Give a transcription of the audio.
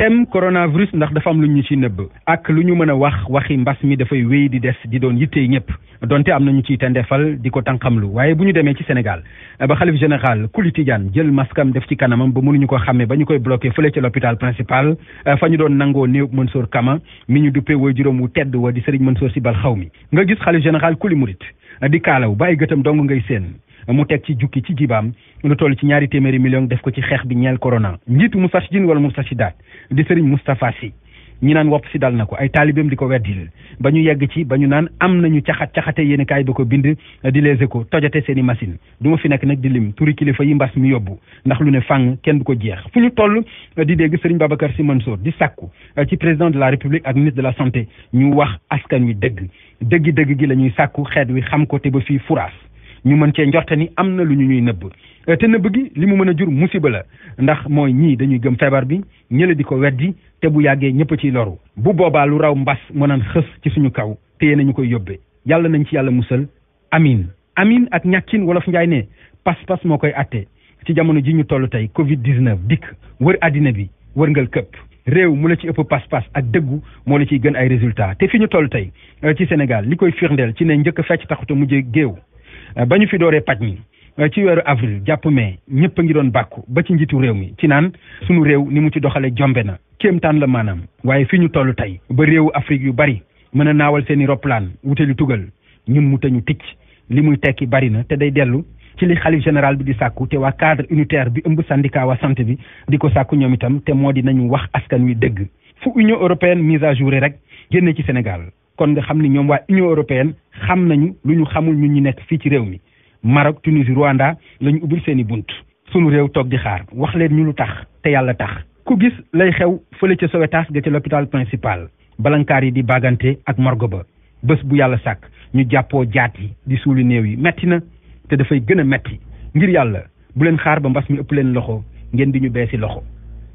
thème coronavirus ndax dafa am lu ñu ci nëbb ak lu ñu mën a wax waxi mbas mi dafay wéy di des di doon yittee ñëpp donte am na ñu ciy tendeefal di ko tànqamlu waaye bu ñu demee ci Sénégal ba xalif général Kuli Tidiane jël maskam def ci kanamam ba mënuñu ko xàmmee ba ñu koy bloqué fële ca l'hôpital principal euh, fa ñu doon nangoo néew Mansour Kama mi ñu duppee way juróom wu tedd wa di Serigne Mansour si Bal xaw mi nga gis xalif général Kuli Murit euh, di kaalaw ba ay gëtam dong ngay seen mu teg ci jukki ci jibaam lu toll ci ñaari téeméeri million def ko ci xeex bi ñeel korona njiitu Moustarchidine wala Moustarchidaat di Serigne Moustapha Sy ñi naan wopp si dal na ko ay taalibeem di ko weddil ba ñu yegg ci ba ñu naan am nañu caxat caxate yéen kaay bi ko bind di les ko tojate seeni i machine du ma fi nekk nag di lim turi kilifa yi mbas mi yóbbu ndax lu ne fàng kenn du ko jeex fu ñu toll di dégg Serigne Babacar Sy soo di sàkku ci président la république ak ministre de la santé ñu wax askan wi dëgg dëgg dëgg gi la ñuy sàkku xeet wi xam ko te ba fii furaas ñu mën cee njorte ni am na lu ñu ñuy nëbb euh, te nëbb gi li mu mën a jur musiba la ndax mooy ñii dañuy gëm feebar bi ñële di ko weddi te bu yàggee ñëpp ciy loru bu boobaa lu raw mbas moo naan xës ci suñu kaw téye ñu koy yóbbee yàlla nañ ci yàlla musal amin amin ak ñàkkin wolof njaay ne pas-pas moo koy atte ci jamono ji ñu toll tey covid 19 dikk wër àddina bi wërngal këpp réew mu la ci ëpp pas-pas ak dëggu moo la ciy gën ay résultat te fi ñu toll tey euh, ci Sénégal li koy firndeel ci ne njëkk fecc taxuta mujje géew Euh, ba ñu fi dooree paj mi euh, ci weeru avril jàpp mais ñëpp a ngi doon bàkku ba ci njiitu réew mi ci naan sunu réew ni mu ci doxale jombe na kéemtaan la maanaam waaye fi ñu toll tey ba réewu Afrique yu bari mën a naawal seen i roplaan wutali tugal ñun mu tañu ticc li muy tekki bari na te day dellu ci li xalif général bi di sàkku te waa cadre unitaire bi ëmb syndicat waa santé bi di ko sàkku ñoom itam te moo di nañu wax askan wi dëgg fu Union européenne mise à jour rek génne ci Sénégal kon nga xam ni ñoom waa Union européenne xam nañu lu ñu xamul ñu ñu nekk fii ci réew mi Maroc Tunisie Rwanda la ñu ubbil seeni bunt sunu réew toog di xaar wax leen ñu lu tax te yàlla tax ku gis lay xew fële ca Sowétas ga ca l'hôpital principal balankaar yi di bagante ak morgo ba bés bu yàlla sàkk ñu jàppoo jaat yi di suuli néew yi metti na te dafay gën a metti ngir yàlla bu leen xaar ba mbas mi ëpp leen loxo ngeen di ñu beesi loxo